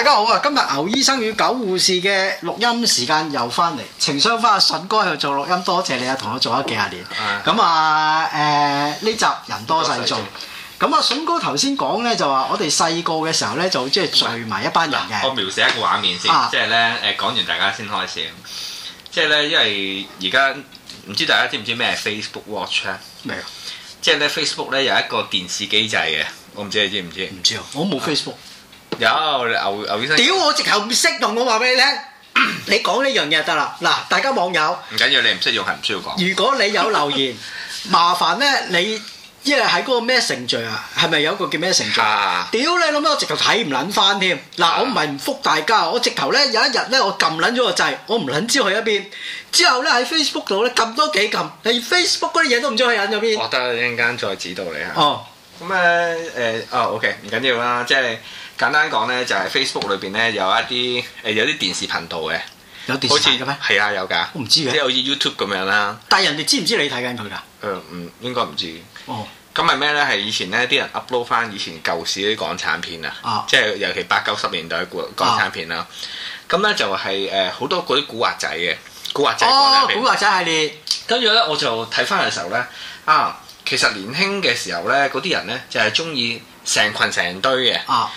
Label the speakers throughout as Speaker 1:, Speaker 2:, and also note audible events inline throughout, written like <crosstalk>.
Speaker 1: 大家好啊！今日牛醫生與狗護士嘅錄音時間又翻嚟，情商翻阿筍哥去做錄音，多謝你、嗯、啊，同我做咗幾廿年。咁啊，誒呢集人多勢眾。咁啊，筍哥頭先講咧就話，我哋細個嘅時候咧就即係聚埋一班人嘅。我
Speaker 2: 描寫一個畫面先，啊、即係咧誒，講完大家先開始。即係咧，因為而家唔知大家知唔知咩麼 Facebook Watch 咧？未即係咧 Facebook 咧有一個電視機制嘅，我唔知你知唔知？唔知啊！我冇 Facebook。有牛牛醫生。屌！
Speaker 1: 我直頭唔識同，我話俾你聽，你講呢樣嘢就得啦。嗱，大家網友。唔
Speaker 2: 緊要，你唔識用係唔需要講。如果你有留
Speaker 1: 言，麻煩咧，你因為喺嗰個咩程序啊？係咪有個叫咩程序？屌！你諗多，我直頭睇唔撚翻添。嗱，我唔係唔覆大家，我直頭咧有一日咧，我撳撚咗個掣，我唔撚知去一邊。之後咧喺 Facebook 度咧撳多幾撳，你 Facebook 嗰啲嘢都唔知去撚咗邊。
Speaker 2: 我得一陣間再指導你嚇。哦，咁誒誒，哦，OK，唔緊要啦，即係。簡單講咧，就係、是、Facebook 裏邊咧有一啲誒有啲電視頻道嘅，有電視好似嘅咩？係啊，有噶，我唔知嘅、即係好似 YouTube 咁樣啦。
Speaker 1: 但係人哋知唔知你睇緊佢噶？誒唔、嗯嗯、應該唔知哦。
Speaker 2: 咁係咩咧？係以前咧，啲人 upload 翻以前舊時啲港產片啊，即係、哦、尤其八九十年代嘅港產片啦。咁咧、哦、就係誒好多嗰啲古惑仔嘅古惑仔哦，古惑仔系列。跟住咧，我就睇翻嘅時候咧啊，其實年輕嘅時候咧，嗰啲人咧就係中意成群成堆嘅啊。啊。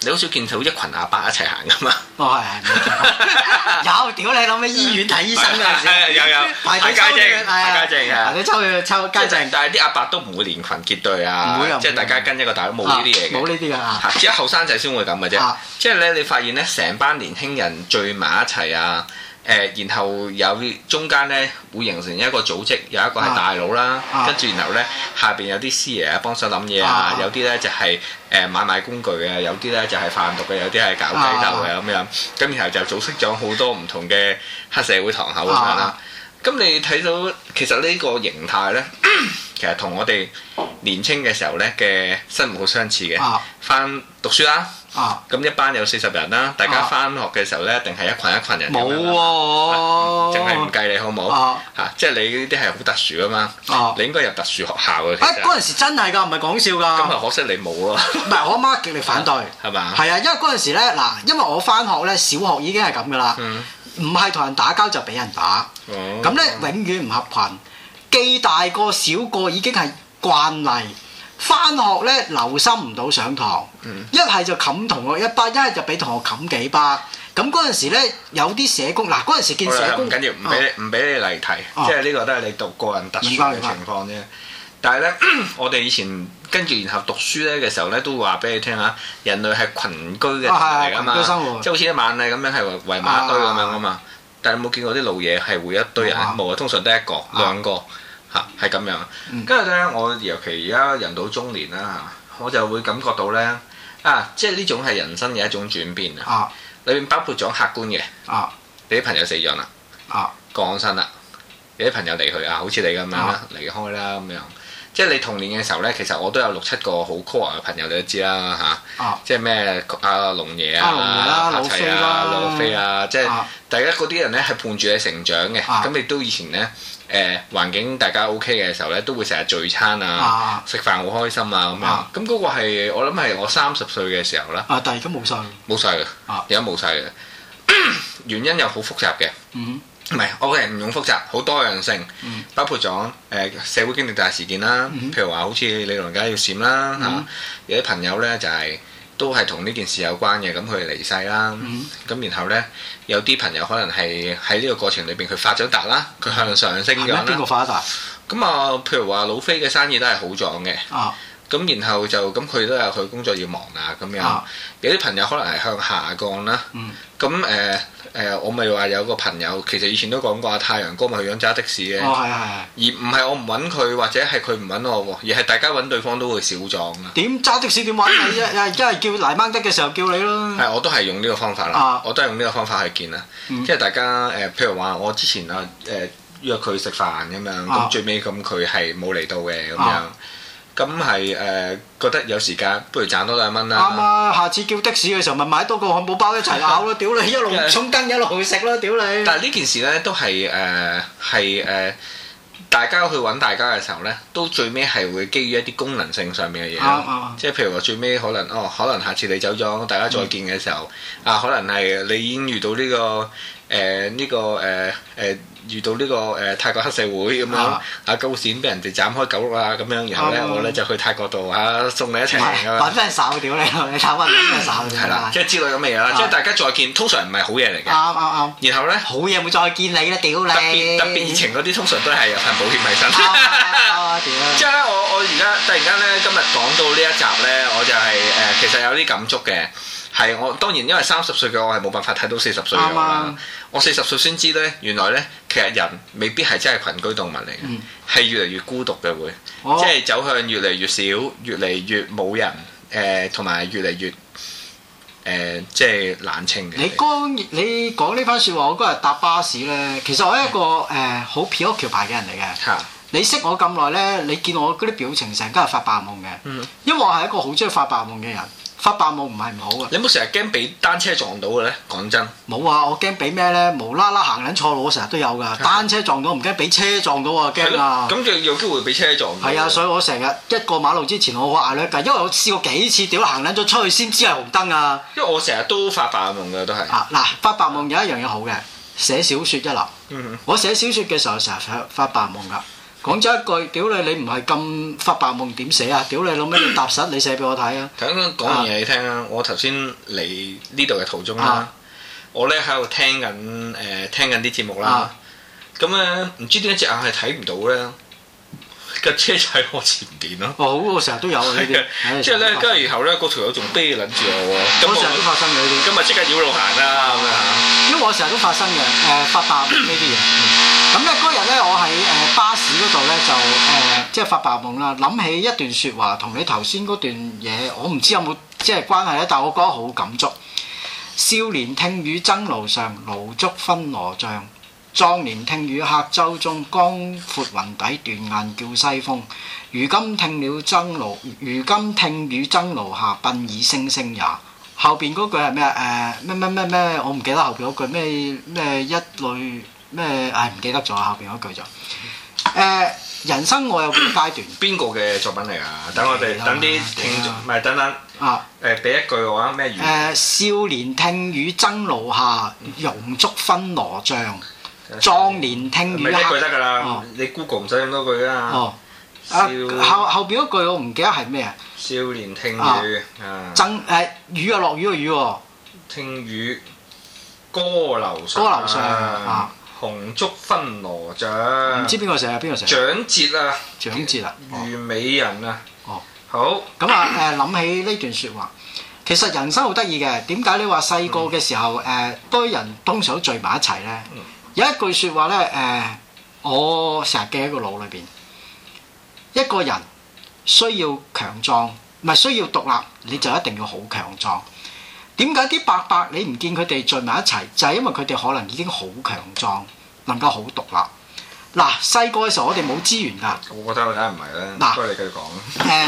Speaker 2: 你好少見到一群阿伯一齊行噶嘛。 <laughs> <laughs> 有？哦
Speaker 1: 係，有屌你諗咩醫院睇醫生啊？ <laughs> 有有，睇抽血，睇抽血啊！你
Speaker 2: 抽去抽，即係但係啲阿伯都唔會連群結隊啊，即係、啊、大家跟一個大佬冇呢啲嘢嘅，冇呢啲噶，只、啊、有後生仔先會咁嘅啫。即係咧，你發現咧，成班年輕人聚埋一齊啊！誒、呃，然後有中間咧會形成一個組織，有一個係大佬啦，跟住、啊、然後咧下邊有啲師爺啊幫手諗嘢啊，有啲咧就係、是、誒、呃、買賣工具嘅，有啲咧就係販毒嘅，有啲係搞雞竇嘅咁樣，咁然後就組織咗好多唔同嘅黑社會堂口咁樣啦。啊啊咁你睇到，其實呢個形態咧，其實同我哋年青嘅時候咧嘅生活好相似嘅。翻讀書啦，咁一班有四十人啦，大家翻學嘅時候咧，定係一群一群人。冇喎，淨係唔計你好唔好吓，即係你呢啲係好特殊噶嘛。你應該入特殊學校嘅。啊，嗰陣時
Speaker 1: 真係㗎，唔係講笑㗎。咁啊，可惜你冇咯。唔係，我阿媽極力反對，係嘛？係啊，因為嗰陣時咧，嗱，因為我翻學咧，小學已經係咁㗎啦。唔係同人打交就俾人打，咁咧、哦、永遠唔合群，記大過小過已經係慣例。翻學咧，留心唔到上堂，一係、嗯、就冚同學一巴，一係就俾同學冚幾巴。咁嗰陣時咧有啲社工，嗱，嗰陣時見社工唔緊要，唔俾
Speaker 2: 唔俾你離題，哦、即係呢個都係你讀個人特殊嘅情況啫。但係咧，我哋以前。 <coughs> <coughs> <coughs> 跟住然後讀書咧嘅時候咧，都會話俾你聽嚇，人類係群居嘅動物，即係好似一晚例咁樣係圍埋一堆咁樣噶嘛。但係你冇見過啲老嘢係會一堆人，冇啊，通常都係一個兩個嚇，係咁樣。跟住咧，我尤其而家人到中年啦嚇，我就會感覺到咧啊，即係呢種係人生嘅一種轉變啊。裏面包括咗客觀嘅啊，你啲朋友死咗啦啊，降生啦，你啲朋友離去啊，好似你咁樣離開啦咁樣。即係你童年嘅時候咧，其實我都有六七個好 core 嘅朋友，你都知啦嚇。即係咩阿龍爺啊、阿齊啊、老飛啦，即係大家嗰啲人咧係伴住你成長嘅。咁你都以前咧誒環境大家 OK 嘅時候咧，都會成日聚餐啊、食飯好開心啊咁樣。咁嗰個係我諗係我三十歲嘅時候啦。啊！但係而家冇晒，冇曬嘅。而家冇晒嘅。原因又好複雜嘅。唔係，我嘅係唔用複雜，好多樣性，嗯、包括咗誒、呃、社會經歷大事件啦，嗯、譬如話好似你老人家要閃啦嚇，有啲朋友咧就係、是、都係同呢件事有關嘅，咁佢哋離世啦，咁、嗯、然後咧有啲朋友可能係喺呢個過程裏邊佢發咗達啦，佢向上升咗啦，邊個發達？咁啊、呃，譬如話老飛嘅生意都係好壯嘅。啊。咁然後就咁，佢都有佢工作要忙啊咁樣。啊、有啲朋友可能係向下降啦。咁誒誒，我咪話有個朋友，其實以前都講過，太陽哥咪去樣揸的士嘅。哦、係係。而唔係我唔揾佢，或者係佢唔揾我，而係大家揾對方都會少撞啦。點揸咳咳的士點揾你啊？一係叫嚟掹的嘅時候叫你咯。係、嗯嗯，我都係用呢個方法啦。啊、我都係用呢個方法去見啦。即係大家誒、呃，譬如話我之前啊誒、呃、約佢食飯咁樣，咁最尾咁佢係冇嚟到嘅咁樣。咁係誒覺得有時間，不如賺多兩蚊啦！啱啊、嗯，下次叫的士嘅時候，咪買多
Speaker 1: 個漢堡包一齊咬咯！的屌你，一路充
Speaker 2: 跟，的一路去食咯！屌你！但係呢件事咧，都係誒係誒，大家去揾大家嘅時候咧，都最尾係會基於一啲功能性上面嘅嘢。即係譬如話，最尾可能哦，可能下次你走咗，大家再見嘅時候，嗯、啊，可能係你已經遇到呢、呢個誒呢、呃呢個誒誒。呃呃呃遇到呢個誒泰國黑社會咁樣，阿高閃俾人哋斬開狗肉啊咁樣，然後咧我咧就去泰國度嚇送你一程
Speaker 1: 㗎啦。
Speaker 2: 即係知道咁嘅嘢啦。即係大家再見，通常唔係好嘢嚟
Speaker 1: 嘅。
Speaker 2: 然後咧，好嘢唔會再見你啦，屌，特別熱情啲通常都係有份保險喺身。啱，
Speaker 1: 點即係咧，我我而家突
Speaker 2: 然間咧，今日講到呢一集咧，我就係誒，其實有啲感觸嘅。係我當然，因為三十歲嘅我係冇辦法睇到四十歲嘅。啱、啊、我四十歲先知咧，原來咧，其實人未必係真係群居動物嚟嘅，係、嗯、越嚟越孤獨嘅會，哦、即係走向越嚟越少、越嚟越冇人誒，同、呃、埋越嚟越誒、呃，
Speaker 1: 即係冷清嘅。你你講呢番説話，我嗰日搭巴士咧，其實我係一個誒好皮克喬牌嘅人嚟嘅。係、啊。你識我咁耐咧，你見我嗰啲表情成日都係發白夢嘅，嗯、因為我係一個好鍾意發白夢嘅人。發白夢唔係唔好噶，你有冇成日驚俾單車撞到嘅咧？講真，冇啊！我驚俾咩咧？無啦啦行緊錯路，我成日都有噶。 <laughs> 單車撞到唔驚，俾車撞到啊驚啊！咁
Speaker 2: 就有機會俾車撞到？係啊，
Speaker 1: 所以我成日一過馬路之前我好壓力噶，因為我試過幾次屌行緊咗出去先知係紅燈啊！因為我成日都發白夢噶都係、嗯、啊嗱，發白夢有一樣嘢好嘅，寫小說一流。嗯、哼 我寫小說嘅時候成日發白夢噶。講咗一句，屌你！你唔係咁發白夢點寫啊？屌你，老味唔踏實你寫俾我睇啊！講完嘢你聽啊！
Speaker 2: 我頭先嚟呢度嘅途中啦，我咧喺度聽緊誒聽緊啲節目啦。咁咧唔知點解隻眼係睇唔到咧？架車就喺我前邊咯。哦，好！我成日都有呢啲。即係咧，跟住然後咧，個條友仲啤撚住我喎。我成日都發生嘅呢啲。今日即刻繞路行啊！因
Speaker 1: 為我成日都發生嘅誒發白呢啲嘢。即係發白夢啦，諗起一段説話，同你頭先嗰段嘢，我唔知有冇即係關係咧，但我覺得好感觸。 <noise> 少年聽雨爭爐上，爐燭分羅像。壯年聽雨客舟中，江闊雲底斷雁叫西風。如今聽了爭爐，如今聽雨爭爐下，鬢已星星也。後邊嗰句係咩啊？誒咩咩咩咩，我唔記得後邊嗰句咩咩一類咩，唉，唔、哎、記得咗後邊嗰句就誒。呃人生我有幾階段？邊個嘅作品嚟啊？
Speaker 2: 等我哋等啲聽眾，唔係等等。誒，俾一句話咩語？誒，
Speaker 1: 少年聽雨爭露下，容竹分羅帳。壯年聽雨。咪一句得㗎啦！你 Google 唔使咁多句㗎。哦。
Speaker 2: 後
Speaker 1: 後邊嗰句我唔記得係咩啊？少年聽雨。啊。爭誒雨啊落雨個雨喎。聽雨。歌樓。歌樓上。紅燭分羅帳，唔知邊個寫啊？邊個寫？蔣
Speaker 2: 捷啊，
Speaker 1: 蔣捷啊，《虞美人》啊。哦，好咁啊！誒、嗯，諗、嗯、起呢段説話，其實人生好得意嘅。點解你話細個嘅時候誒，多、嗯呃、人通常都聚埋一齊咧？嗯、有一句説話咧，誒、呃，我成日記喺個腦裏邊。一個人需要強壯，唔係需要獨立，你就一定要好強壯。點解啲伯伯你唔見佢哋聚埋一齊？就係、是、因為佢哋可能已經好強壯，能夠好獨立。嗱、啊，細個嘅時候我哋冇資源㗎。我覺得我梗係唔係啦。嗱、啊，你繼續講。誒、呃，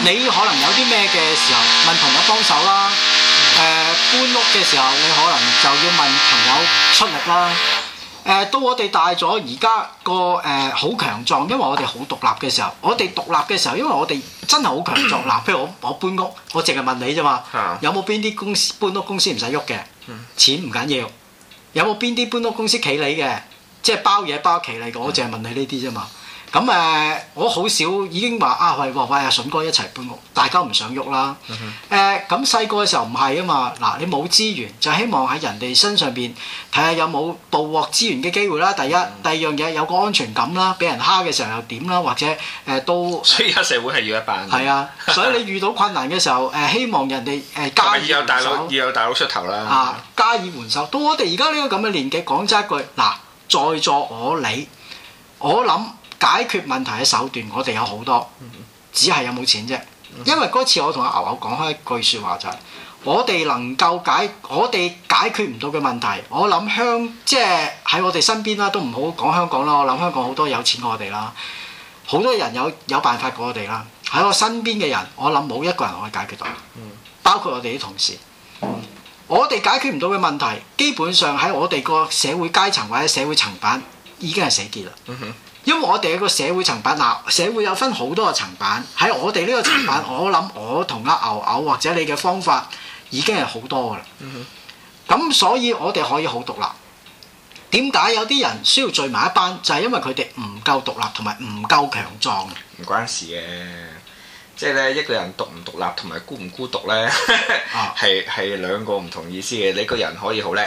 Speaker 1: 你可能有啲咩嘅時候問朋友幫手啦？誒、呃，搬屋嘅時候你可能就要問朋友出力啦。誒到我哋大咗，而家個誒好強壯，因為我哋好獨立嘅時候，嗯、我哋獨立嘅時候，因為我哋真係好強壯。嗱， <coughs> 譬如我我搬屋，我淨係問你啫嘛，嗯、有冇邊啲公司搬屋公司唔使喐嘅，嗯、錢唔緊要，有冇邊啲搬屋公司企你嘅，即係包嘢包企你嘅，我淨係問你呢啲啫嘛。嗯嗯。咁誒，我好少已經話啊，係話阿筍哥一齊搬屋，大家唔想喐啦。誒咁細個嘅時候唔係啊嘛，嗱，你冇資源就希望喺人哋身上邊睇下有冇捕獲資源嘅機會啦。第一，嗯、第二樣嘢有個安全感啦，俾人蝦嘅時候又點啦，或者誒、呃、都所
Speaker 2: 以黑社會係要一班係啊，所以
Speaker 1: 你遇到困難嘅時候誒、呃，希望人哋誒加以有大佬要有大佬出頭啦啊，加以援手到我哋而家呢個咁嘅年紀講真一句嗱，在座我你我諗。我解決問題嘅手段，我哋有好多，只係有冇錢啫。因為嗰次我同阿牛牛講開一句説話，就係、是、我哋能夠解我哋解決唔到嘅問題。我諗香即係喺我哋身邊啦，都唔好講香港啦。我諗香港好多有錢過我哋啦，好多人有有辦法過我哋啦。喺我身邊嘅人，我諗冇一個人可以解決到，包括我哋啲同事。我哋解決唔到嘅問題，基本上喺我哋個社會階層或者社會層板已經係死結啦。因為我哋一個社會層板，嗱社會有分好多個層板，喺我哋呢個層板， <coughs> 我諗我同阿牛牛或者你嘅方法已經係好多㗎喇。咁、嗯、哼所以我哋可以好獨立。點解有啲人需要聚埋一班？就係、是、因為佢哋唔夠獨立同埋唔夠強壯。唔關事嘅，
Speaker 2: 即係咧一個人獨唔獨立同埋孤唔孤獨咧，係係兩個唔同意思嘅。你個人可以好叻。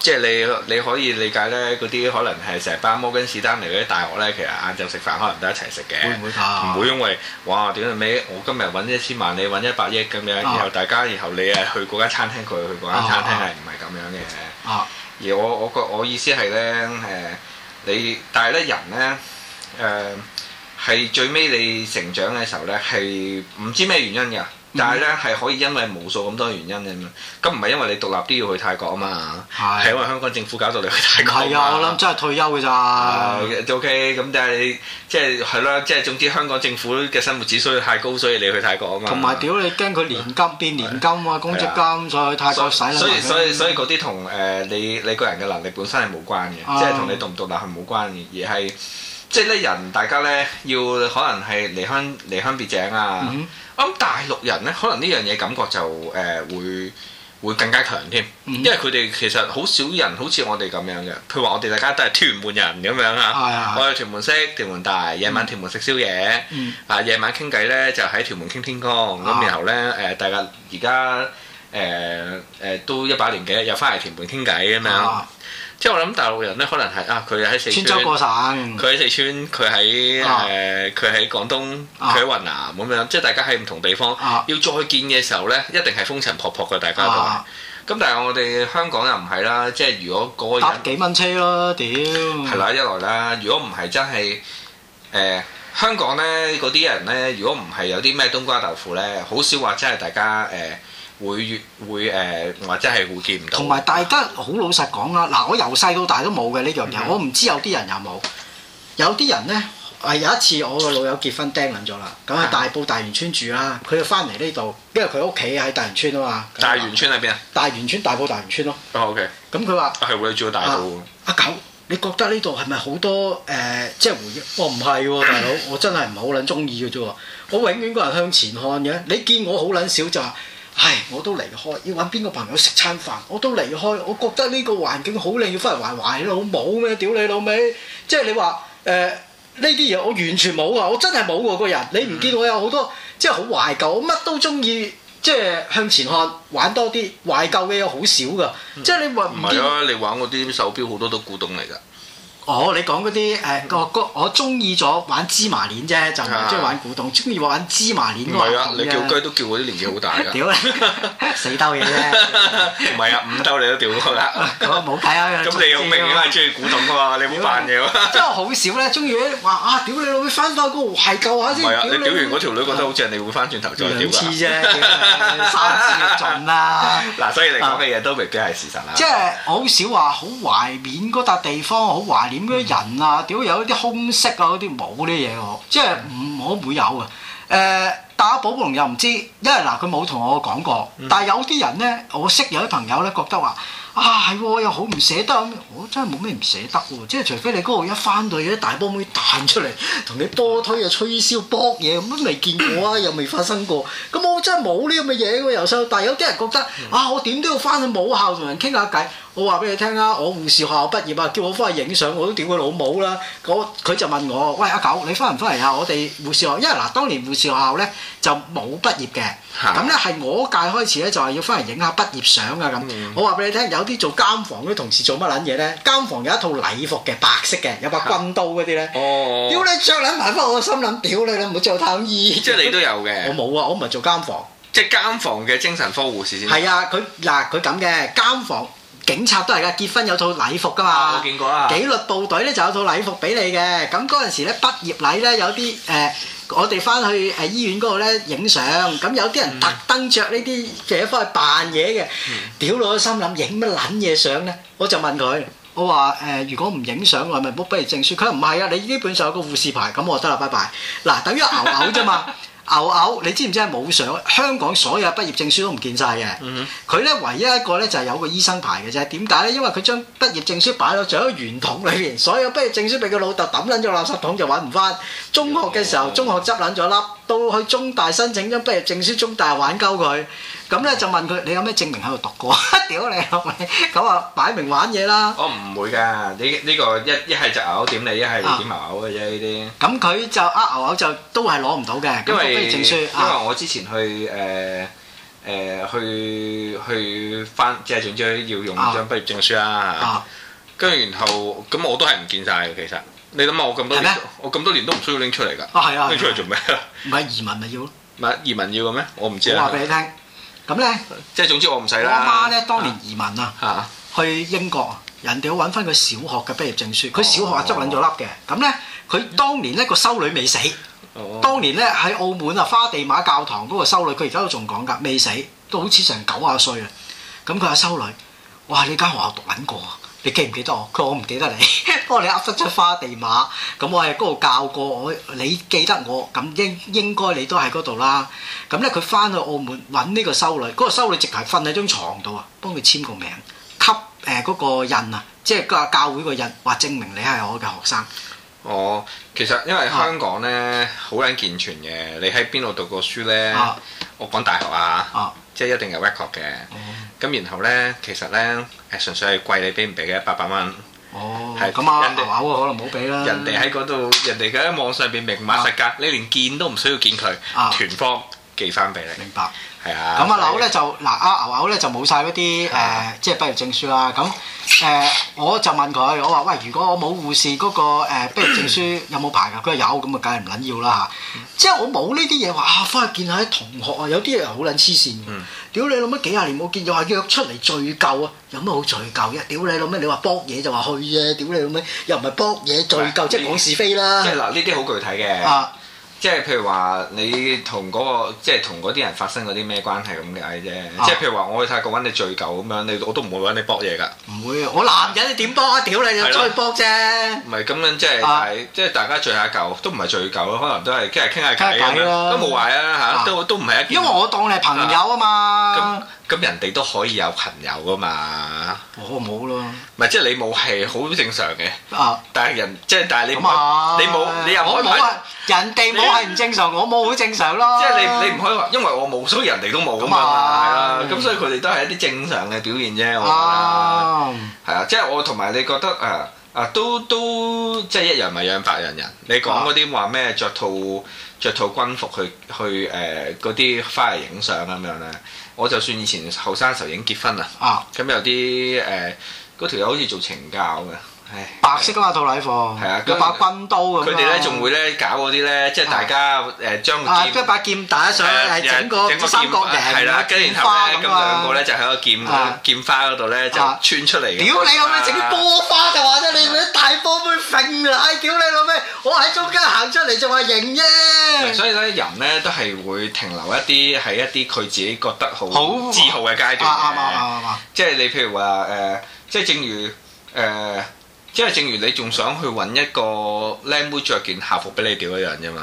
Speaker 2: 即係你你可以理解咧，嗰啲可能係成班摩根士丹尼嗰啲大鵝咧，其實晏晝食飯可能都一齊食嘅，唔會，會、啊、會因為哇點樣咩，我今日揾一千萬，你揾一百億咁樣，然後大家、啊、然後你係去嗰間餐廳，佢去嗰間餐廳係唔係咁樣嘅？啊、
Speaker 1: 而
Speaker 2: 我我嘅我，我意思係咧誒，你但係咧人咧誒係最尾你成長嘅時候咧係唔知咩原因㗎。但係咧係可以因為無數咁多原因嘅，咁唔係因為你獨立都要去泰國啊嘛，係因為香港政府搞到你去泰國啊，係啊，我諗
Speaker 1: 真係退休嘅
Speaker 2: 咋，OK，咁但係你即係係咯，即係總之香港政府嘅生活指數太高，所以你去泰國啊嘛。同埋
Speaker 1: 屌你驚佢年金變年金啊，公積金再去泰國使。所以所以嗰啲同
Speaker 2: 誒你你個人嘅能力本身係冇關嘅，即係同你獨唔獨立係冇關嘅，而係。即係咧人，大家咧要可能係離鄉離鄉別井啊。咁、嗯、哼大陸人咧，可能呢樣嘢感覺就誒、呃、會會更加強添，嗯、哼因為佢哋其實好少人好似我哋咁樣嘅。譬如話我哋大家都係屯門人咁樣啊，哎、呀我係屯門識屯門大，夜晚屯門食、嗯、宵夜，嗯、啊夜晚傾偈咧就喺屯門傾天光咁。嗯、然後咧誒大家而家誒誒都一把年紀又翻嚟屯門傾偈咁樣。即係我諗大陸人咧，可能係啊，佢喺四川，川州省，佢喺四川，佢喺誒，佢喺、啊呃、廣東，佢喺、啊、雲南咁樣。即係大家喺唔同地方，啊、要再見嘅時候咧，一定係風塵僕僕嘅大家都。咁、啊、但係我哋香港又唔係啦。即係如果嗰個人
Speaker 1: 幾蚊車咯，屌！
Speaker 2: 係啦，一來啦，如果唔係真係誒、呃、香港咧，嗰啲人咧，如果唔係有啲咩冬瓜豆腐咧，好少話真係大家誒。呃會越會誒、呃，或者係會見唔到。同埋
Speaker 1: 大家好老實講啦，嗱，我由細到大都冇嘅呢樣嘢，是是 mm hmm. 我唔知有啲人有冇。有啲人咧，啊有一次我個老友結婚釘撚咗啦，咁喺大埔大源村住啦，佢就翻嚟呢度，因為佢屋企喺大源村啊
Speaker 2: 嘛。大源村喺邊
Speaker 1: 啊？大源村大埔大源村咯。哦、
Speaker 2: oh，OK。咁佢話係會住喺大埔嘅。阿、啊
Speaker 1: 啊、九，你覺得呢度係咪好多誒？即、呃、係、就是、回憶？我唔係喎，大佬， <laughs> 我真係唔係好撚中意嘅啫喎。我永遠個人向前看嘅，你見我好撚少就話。唉，我都離開，要揾邊個朋友食餐飯，我都離開。我覺得呢個環境好靚，要翻嚟懷懷你老母咩？屌你老味？即係你話誒呢啲嘢，呃、我完全冇啊！我真係冇喎，個人你唔見我有好多、嗯、即係好懷舊，我乜都中意，即係向前看，玩多啲懷舊嘅嘢好少噶。嗯、即係你話唔係啊？你
Speaker 2: 玩嗰啲手錶好多都古董嚟㗎。
Speaker 1: 哦，你講嗰啲誒個我中意咗玩芝麻鏈啫，就唔中意玩古董，中意玩芝麻鏈嗰係啊， <laughs> 啊，你叫雞
Speaker 2: 都叫嗰啲年紀好大㗎。屌你， <laughs> 死兜嘢啫！唔係啊，五兜你都屌我啦。
Speaker 1: 咁 <laughs> 睇、 <laughs> 哦、啊！咁、啊、你好明顯係中意古董㗎嘛，你冇
Speaker 2: 扮嘢喎。
Speaker 1: 真係好少咧，中意話啊！屌你老味，翻翻個懷舊下先。唔係啊，屌完嗰
Speaker 2: 條女覺得好似你會翻轉頭再屌㗎。 <laughs> 次啫，三次
Speaker 1: 就盡啦。
Speaker 2: 嗱、 <laughs> 啊，所以你講嘅嘢都未必係事實啦。即係
Speaker 1: 我好少話，好懷念嗰笪地方，好懷念。咁樣、嗯、人啊？屌有啲空色啊，嗰啲冇啲嘢即係唔可會有嘅。誒、呃。打寶寶龍又唔知，因為嗱佢冇同我講過。嗯、但係有啲人咧，我識有啲朋友咧覺得話啊係，又好唔捨得咁。我真係冇咩唔捨得喎，即係除非你嗰度一翻到去咧，大波妹彈出嚟，同你波推啊吹簫搏嘢咁都未見過啊，又未發生過。咁我真係冇呢咁嘅嘢喎。又收，但係有啲人覺得、嗯、啊，我點都要翻去母校同人傾下偈。我話俾你聽啦，我護士學校畢業啊，叫我翻去影相我都屌佢老母啦。佢就問我：喂，阿狗，你翻唔翻嚟啊？我哋護士學校，因為嗱，為當年護士學校咧。就冇畢業嘅，咁咧係我屆開始咧就係要翻嚟影下畢業相啊咁。我話俾你聽，有啲做監房嗰啲同事做乜撚嘢咧？監房有一套禮服嘅，白色嘅，有把軍刀嗰啲咧。哦，屌你著撚埋，翻我心諗，屌你你唔好做探醫。即係你都有嘅，我冇
Speaker 2: 啊，我唔係做監房。即係監房嘅精神科護士先。係啊，
Speaker 1: 佢嗱佢咁嘅監房警察都係噶，結婚有套禮服噶嘛。我見過啊。紀律部隊咧就有套禮服俾你嘅，咁嗰陣時咧，畢業禮咧有啲誒。我哋翻去誒醫院嗰度咧影相，咁有啲人特登着呢啲嘢翻去扮嘢嘅，屌、嗯、我心諗影乜撚嘢相咧？我就問佢，我話誒、呃，如果唔影相，我咪唔不如證書？佢話唔係啊，你基本上有個護士牌，咁我得啦，拜拜。嗱，等於牛牛啫嘛。 <laughs> 牛牛，你知唔知係冇上？香港所有畢業證書都唔見晒嘅。佢咧、嗯、哼唯一一個咧就係有個醫生牌嘅啫。點解咧？因為佢將畢業證書擺咗在一個圓筒裏邊，所有畢業證書俾佢老豆抌撚咗垃圾桶就揾唔翻。中學嘅時候，哦、中學執撚咗粒，到去中大申請張畢業證書，中大玩鳩佢。咁咧就問佢：你有咩證明喺度讀過？屌你！咁啊擺明玩嘢啦！
Speaker 2: 我唔會㗎，呢呢個一一係
Speaker 1: 執牛口點你，一係點牛口嘅啫呢啲。咁佢就呃牛口就都係攞唔到嘅，咁畢業證書啊！因為因為我
Speaker 2: 之前去誒誒去去翻，即係轉咗要用張畢業證書啦嚇。跟住然後咁我都係唔見晒嘅，其實你諗下我咁多年，我咁多年都唔需要拎出嚟㗎。啊係啊！拎出嚟做咩？唔係移
Speaker 1: 民咪要咯？唔係移民要嘅咩？我唔知。我話俾你聽。咁咧，即係總之我唔使啦。我媽咧，當年移民啊，去英國，人哋要揾翻佢小學嘅畢業證書。佢小學啊，執撚咗笠嘅。咁咧，佢當年咧個修女未死。哦、當年咧喺澳門啊，花地馬教堂嗰個修女，佢而家都仲講㗎，未死，都好似成九廿歲啊。咁佢阿修女，哇！你間學校讀撚過啊？你記唔記得我？佢話我唔記得你。不過你噏得出花地馬，咁我喺嗰度教過我，你記得我，咁應應該你都喺嗰度啦。咁咧佢翻去澳門揾呢個修女，嗰、嗰個修女直頭瞓喺張床度啊，幫佢簽個名，給誒嗰個印啊，即係教教會個印，話證明你係我嘅學生。
Speaker 2: 哦，其實因為香港咧好撚健全嘅，你喺邊度讀過書咧？啊、我講大學啊，啊即係一定有 record 嘅。啊咁然後咧，其實咧，誒純粹係貴你俾唔俾嘅一百百蚊，
Speaker 1: 係咁、哦、是啊，人哋話，可能唔好俾啦。人哋喺嗰
Speaker 2: 度，人哋嘅網上邊明碼、啊、實格，你連見都唔需要見佢，團、啊、方寄翻俾你。明白。咁阿柳
Speaker 1: 咧就，嗱，阿牛牛咧就冇晒嗰啲，誒，即畢業證書啦。咁誒我就問佢，我話喂，如果我冇護士嗰、個誒畢業證書，有冇牌㗎？佢話 <coughs> 有，咁，啊，梗係唔撚要啦嚇！嗯、即我冇呢啲嘢話啊，翻去見下啲同學啊，有啲嘢好撚黐線。屌你老母幾廿年冇見，又話約出嚟聚舊啊？有乜好聚舊啫？屌你老母，你話搏嘢就話去啫？屌你老母，又唔係搏嘢聚舊，啊、即講是非啦、啊。即
Speaker 2: 嗱呢啲好具體嘅。啊啊啊即係譬如話，你同嗰個即係同嗰啲人發生嗰啲咩關係咁嘅嘢啫。即係譬如話，我去泰國揾你醉狗咁樣，你我都唔會揾你博嘢噶。唔會，我男人你點博啊？屌你，就出去
Speaker 1: 博啫。
Speaker 2: 唔係咁樣，即係即係大家聚下舊都唔係醉狗咯，可能都係傾下傾下偈咯，都冇壞啊嚇，都都唔係一件。因為我當你係朋友啊嘛。咁咁人哋都可以有朋友噶嘛。
Speaker 1: 我冇咯。
Speaker 2: 唔係，即係你冇係好正常嘅。但係人即係但係你你冇你又可唔可以。人哋冇係唔正常，咦我冇好正常
Speaker 1: 咯。即係你你
Speaker 2: 唔可以話，因為我冇，所以人哋都冇啊嘛，係啊，咁、啊、所以佢哋都係一啲正常嘅表現啫、啊啊。啊，係啊，即係我同埋你覺得啊啊都都即係一人咪養百人人。你講嗰啲話咩着套著套軍服去去誒嗰啲返嚟影相咁樣咧？我就算以前後生嘅時候已經結婚啦。啊，咁有啲誒嗰條友好似做懲教嘅。
Speaker 1: 白色噶嘛套禮服，有把軍刀咁樣，佢哋咧仲會
Speaker 2: 咧搞嗰啲咧，即係大家誒將個啊，一把劍打上去，整個三角形嘅花啊嘛。咁兩個咧就喺個劍劍花嗰度咧就穿出嚟。屌你老味，整啲波
Speaker 1: 花就話啫，你一大波妹揈嚟，屌你老味，我喺中間行出嚟仲話型啫。所以咧，
Speaker 2: 人咧都係會停留一啲喺一啲佢自己覺得好自豪嘅階段嘅。即係你譬如話誒，即係正如誒。即係正如你仲想去揾一個僆妹着件服，er、校服俾你屌一樣啫嘛，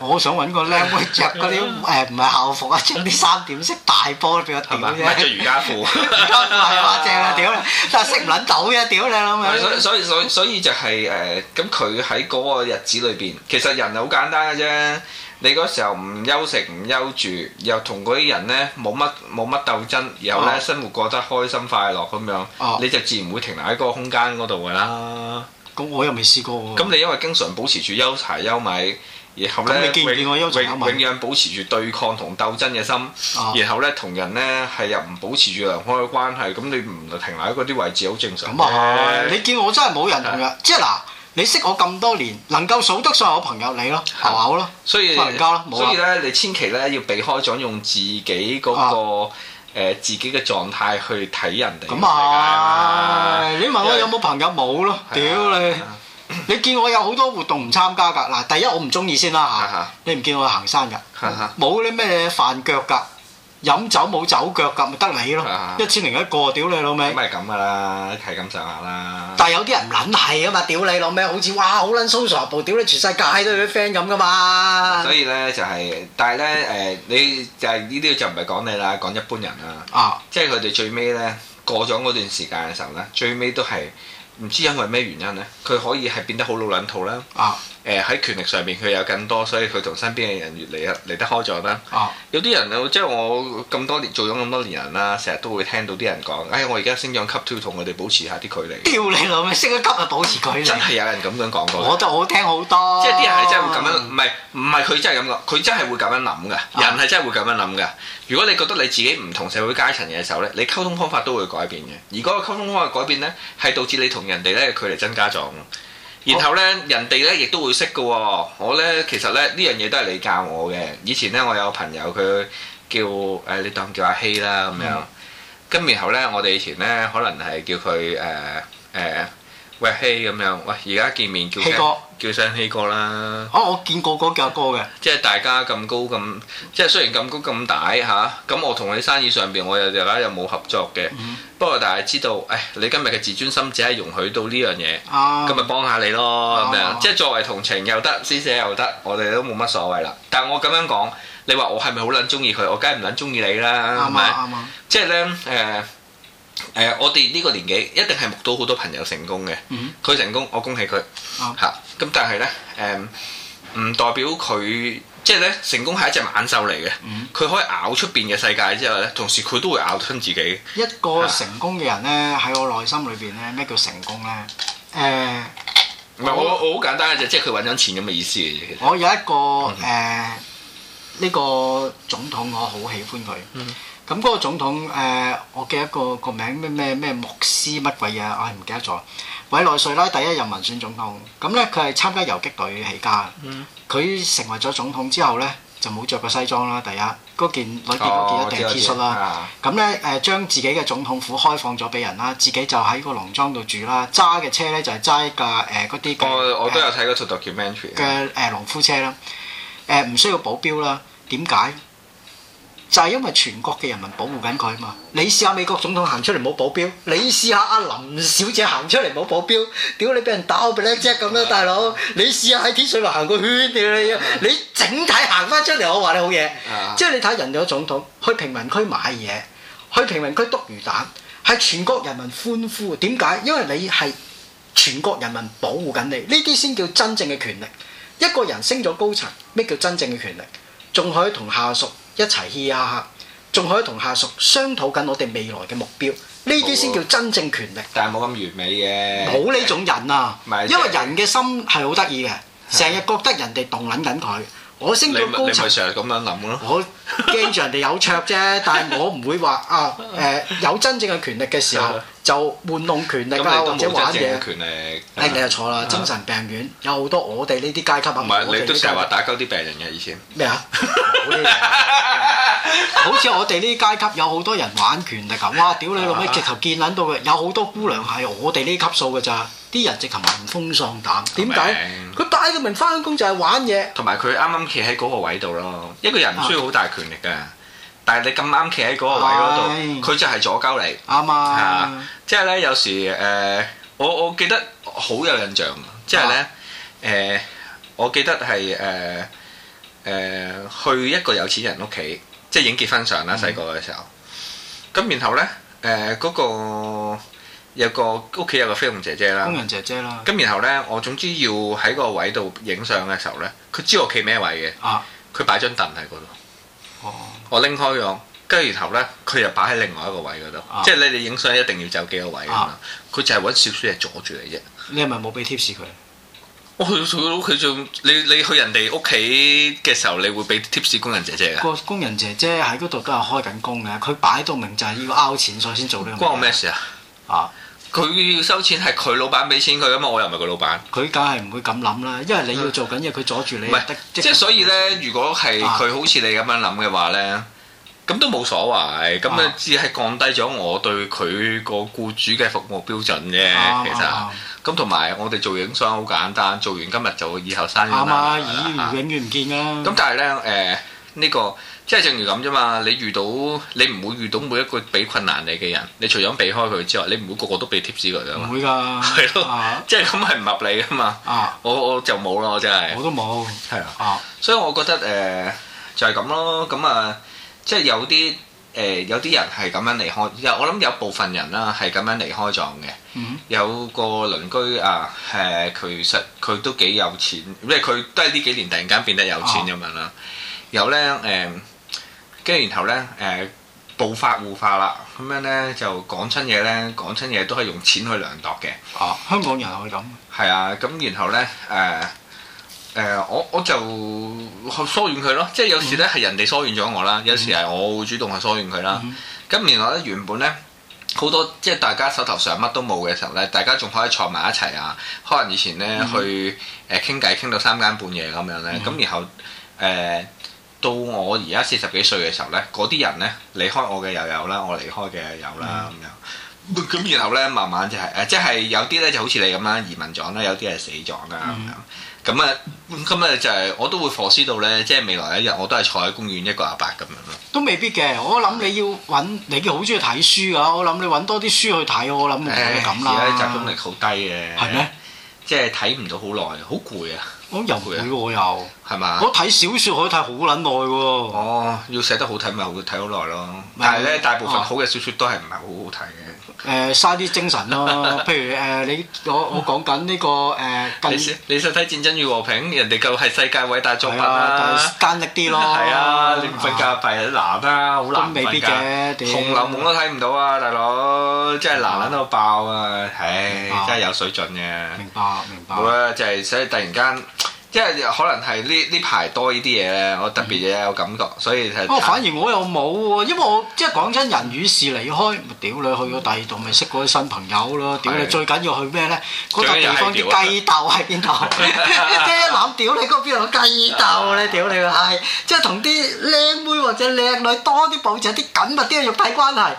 Speaker 1: 我想揾個僆妹着嗰啲誒唔係校服啊，著啲三點式大波俾我屌啫，著瑜伽褲，瑜伽褲係嘛正啊屌！但係識唔撚到嘅屌你咁樣。所
Speaker 2: 以所以所以就係誒咁佢喺嗰個日子裏邊，其實人好簡單嘅啫。你嗰時候唔憂食、唔憂住，又同嗰啲人咧冇乜冇乜鬥爭，然後咧生活過得開心快樂咁樣，你就自然會停留喺嗰個空間嗰度噶啦。咁我又未試過喎。咁你因為經常保持住憂柴憂米，然後咧永遠保持住對抗同鬥爭嘅心，然後咧同人咧係又唔保持住良好嘅關
Speaker 1: 係。咁你唔停留喺嗰啲位置好正常。咁咪，你見我真係冇人同噶，即係嗱。你識我咁多年，能夠數得上我朋友你咯，冇咯，所以所以咧，
Speaker 2: 你千祈咧要避開咗用自己嗰個誒自己嘅狀態去睇人哋。咁啊，你
Speaker 1: 問我有冇朋友，冇咯？屌你，你見我有好多活動唔參加㗎。嗱，第一我唔中意先啦嚇，你唔見我行山㗎，冇啲咩飯腳㗎。飲酒冇酒腳㗎，咪得你咯！一千零一個屌你老味，咪咁噶啦，係咁上下啦。但係有啲人唔撚係啊嘛，屌你老味，好似哇好撚 social 部，屌你全世界都有啲 friend 咁噶嘛、啊。所
Speaker 2: 以咧就係、是，但係咧誒，你就係呢啲就唔係講你啦，講一般人啦。啊，即係佢哋最尾咧過咗嗰段時間嘅時候咧，最尾都係唔知因為咩原因咧，佢可以係變得好老撚套啦。啊！誒喺權力上面，佢有更多，所以佢同身邊嘅人越嚟啊離得開咗啦。啊、有啲人即係、就是、我咁多年做咗咁多年人啦，成日都會聽到啲人講：哎我而家升咗級，同佢哋保持下啲距離。屌你老味，升咗級啊，保持距離！真係有人咁樣講過。我就好聽好多。即係啲人係真係會咁樣，唔係唔係佢真係咁噶，佢真係會咁樣諗噶。啊、人係真係會咁樣諗噶。如果你覺得你自己唔同社會階層嘅時候咧，你溝通方法都會改變嘅。而嗰個溝通方法改變咧，係導致你同人哋咧距離增加咗。然後咧，哦、人哋咧亦都會識嘅喎。我咧其實咧呢樣嘢都係你教我嘅。以前咧我有個朋友，佢叫誒、呃、你當叫阿希啦咁樣。咁、嗯、然後咧，我哋以前咧可能係叫佢誒誒。呃呃喂希咁樣，喂而家見面叫希哥，叫上希哥啦。哦，我見過嗰個哥嘅。即係大家咁高咁，即係雖然咁高咁大吓，咁、啊、我同你生意上邊我又大家又又冇合作嘅。嗯、不過但係知道，誒你今日嘅自尊心只係容許到呢樣嘢，咁咪、啊、幫下你咯，咁樣、啊、即係作為同情又得，施捨又得，我哋都冇乜所謂啦。但係我咁樣講，你話我係咪好撚中意佢？我梗係唔撚中意你啦，係咪、嗯？即係咧誒。嗯誒、呃，我哋呢個年紀一定係目睹好多朋友成功嘅。佢、嗯、哼成功，我恭喜佢嚇。咁、啊啊、但係咧，誒、呃、唔代表佢即係咧成功係一隻猛獸嚟嘅。佢、嗯、哼可以咬出面嘅世界之後咧，同時佢都會咬親自己。
Speaker 1: 一個成功嘅人咧喺我內心裏邊咧，咩叫成功咧？誒、呃，唔係不我我
Speaker 2: 好簡單嘅就即係佢揾咗錢咁嘅意思嘅啫。
Speaker 1: 我有一個誒呢、嗯哼呃呢個總統，我好喜歡佢。嗯咁嗰個總統，呃、我記得個個名，咩咩咩，牧師乜鬼嘢、啊，我係唔記得咗。委內瑞拉第一任民選總統，咁咧佢係參加遊擊隊起家佢、嗯、成為咗總統之後咧，就冇着過西裝啦，第一嗰件攞、哦、件嗰件一頂 T 恤啦。咁咧誒，將自己嘅總統府開放咗俾人啦，自己就喺個農莊度住啦。揸嘅車咧就係揸一架誒嗰啲，我
Speaker 2: 我都有睇嗰套叫《Mantra、呃》嘅
Speaker 1: 誒農夫車啦。誒、呃、唔需要保鏢啦，點解？就係因為全國嘅人民保護緊佢啊嘛！你試下美國總統行出嚟冇保鏢，你試下阿林小姐行出嚟冇保鏢，屌你俾人打我俾你 j 咁樣，大佬！你試下喺天水圍行個圈屌你，你整體行翻出嚟我話你好嘢，是啊、即係你睇人哋嘅總統去平民區買嘢，去平民區篤魚蛋，係全國人民歡呼。點解？因為你係全國人民保護緊你，呢啲先叫真正嘅權力。一個人升咗高層，咩叫真正嘅權力？仲可以同下屬一齊 hea 仲可以同下屬商討緊我哋未來嘅目標，呢啲先叫真正權力。但係冇咁完美嘅，冇呢種人啊，是因為人嘅心係好得意嘅，成日是覺得人哋動揾緊佢，的我先叫高層，你咪成日咁樣諗咯。我驚住人哋有錯啫， <laughs> 但係我唔會話啊誒、呃、有真正嘅權力嘅時候。 <laughs> 就玩弄權力啊，或者玩嘢。
Speaker 2: 權力你又錯啦，精神
Speaker 1: 病院有好多我哋呢啲階級啊。唔係，你都計劃
Speaker 2: 打鳩啲病人嘅以前。
Speaker 1: 咩啊？好似我哋呢啲階級有好多人玩權力啊！哇，屌你老味，直頭見撚到嘅。有好多姑娘係我哋呢級數嘅咋？啲人直頭聞風喪膽。點解？佢帶個名翻工就係玩嘢。同
Speaker 2: 埋佢啱啱企喺嗰個位度咯。一個人需要好大權力㗎。但係你咁啱企喺嗰個位嗰度，佢喂就係阻鳩你，啱吧啊，即係咧有時誒、呃，我我記得好有印象，即係咧誒，我記得係誒誒去一個有錢人屋企，即係影結婚相啦，細個嘅時候。咁、嗯、然後咧，誒、呃、嗰、那個有個屋企有個菲傭姐姐啦，工人姐姐啦。咁然後咧，我總之要喺個位度影相嘅時候咧，佢知我企咩位嘅，佢擺張凳喺嗰度。我拎開咗跟住頭咧，佢又擺喺另外一個位嗰度，啊、即係你哋影相一定要走幾個位啊！佢就係搵少少嘢嚟阻住你啫、哦。你係咪冇俾貼士佢？我佢佢佢仲你你去人哋屋企嘅時候，你會俾貼士工人姐姐㗎？個
Speaker 1: 工人姐姐喺嗰度都係開緊工嘅，佢擺到明就係要撓錢，所以先做呢樣。關我咩
Speaker 2: 事啊？啊！佢要收錢係佢老闆俾錢佢噶嘛，我又唔係佢老闆。
Speaker 1: 佢梗係唔會咁諗啦，因為你要做緊嘢，佢阻住你。唔係，即係所
Speaker 2: 以呢，如果係佢好似你咁樣諗嘅話呢，咁、啊、都冇所謂，咁啊只係降低咗我對佢個僱主嘅服務標準啫，啊、其實。咁同埋我哋做影相好簡單，做完今日就以後生意啦。咦，啊，影永遠唔見啦。咁、啊啊、但係呢，誒、呃、呢、呢個。即係正如咁啫嘛，你遇到你唔會遇到每一個俾困難你嘅人，你除咗避開佢之外，你唔會個個都俾 tips 佢咁啊？唔會㗎，係咯，即係咁係唔合理㗎嘛？啊，我我就冇咯，我真係我
Speaker 1: 都冇，係啊，
Speaker 2: 啊所以我覺得誒、呃、就係咁咯，咁啊，即、就、係、是、有啲誒、呃、有啲人係咁樣離開，我諗有部分人啦係咁樣離開葬嘅，嗯、哼有個鄰居啊，誒、嗯，其實佢都幾有錢，即係佢都係呢幾年突然間變得有錢咁樣啦，有咧誒。跟住然後咧，誒、呃、暴發戶化啦，咁樣咧就講親嘢咧，講親嘢都係用錢去量度嘅。哦、啊，香港人係咁。係啊，咁然後咧，誒、呃、誒、呃，我我就疏遠佢咯。即係有時咧係、嗯、人哋疏遠咗我啦，有時係我會主動去疏遠佢啦。咁、嗯、然後咧原本咧好多即係大家手頭上乜都冇嘅時候咧，大家仲可以坐埋一齊啊。可能以前咧、嗯、去誒傾偈傾到三更半夜咁樣咧，咁、嗯、然後誒。呃呃到我而家四十幾歲嘅時候咧，嗰啲人咧離開我嘅又有啦，我離開嘅又有啦咁樣。咁、嗯、然後咧，慢慢就係、是、誒，即係有啲咧就好似你咁樣，移民咗啦，有啲係死咗啦咁。咁啊、嗯，咁啊就係、是、我都會反思到咧，即係未來一日我都係坐喺公園一個阿伯咁樣咯。
Speaker 1: 都未必嘅，我諗你要揾是的 你好中意睇書㗎，我諗你揾多啲書去睇，我諗唔會咁啦、哎。而家集中
Speaker 2: 力好低嘅，係咩嗎？即係睇唔到好耐，好攰啊！好攰我又～了係嘛？我睇小説可以睇好撚耐喎。哦，要寫得好睇咪會睇好耐咯。但係咧，大部分好嘅小説都係唔係好好睇嘅。
Speaker 1: 誒，嘥啲精神咯。譬如誒，你我我講緊呢個誒，
Speaker 2: 你想睇《戰爭與和平》，人哋夠係世界偉大作品啊。艱
Speaker 1: 難啲咯。係啊，
Speaker 2: 你唔瞓覺瞓都難啊，好難瞓嘅。《紅樓夢》都睇唔到啊，大佬，真係難撚到爆啊！唉，真係有水準嘅。明
Speaker 1: 白，明白。
Speaker 2: 冇啊，就係所以突然間。即係可能係呢呢排多呢啲嘢咧，我特別嘢有感覺，所以係。哦，反而
Speaker 1: 我又冇喎，因為我即係講真，人與事離開，屌你去過第二度，咪識過啲新朋友咯，屌你最緊要去咩咧？嗰笪地方啲雞竇喺邊度？即係一屌你嗰邊有雞竇咧？屌你係即係同啲靚妹或者靚女多啲保持啲緊密啲肉體關係。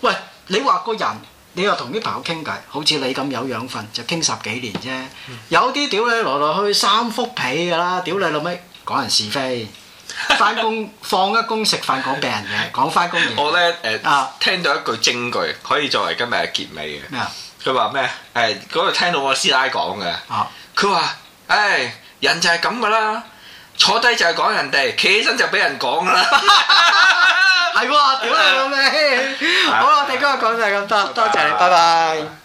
Speaker 1: 喂，你話個人？你又同啲朋友傾偈，好似你咁有養分就傾十幾年啫。有啲屌你來來去去三幅被㗎啦，屌你老味講人是非，翻工放一工食飯講病人嘅，
Speaker 2: 講翻工嘅。我咧誒聽到一句證據，可以作為今日嘅結尾嘅。咩啊？佢話咩？誒嗰度聽到我師奶講嘅。啊！佢話：誒人就係咁㗎啦，坐低就係講人哋，企起身就俾人講啦。
Speaker 1: 係喎，屌你老味！ <noise> 哎、 <laughs> 好啦， <noise> 我哋今日講就係咁多，多謝你，拜拜。 <noise>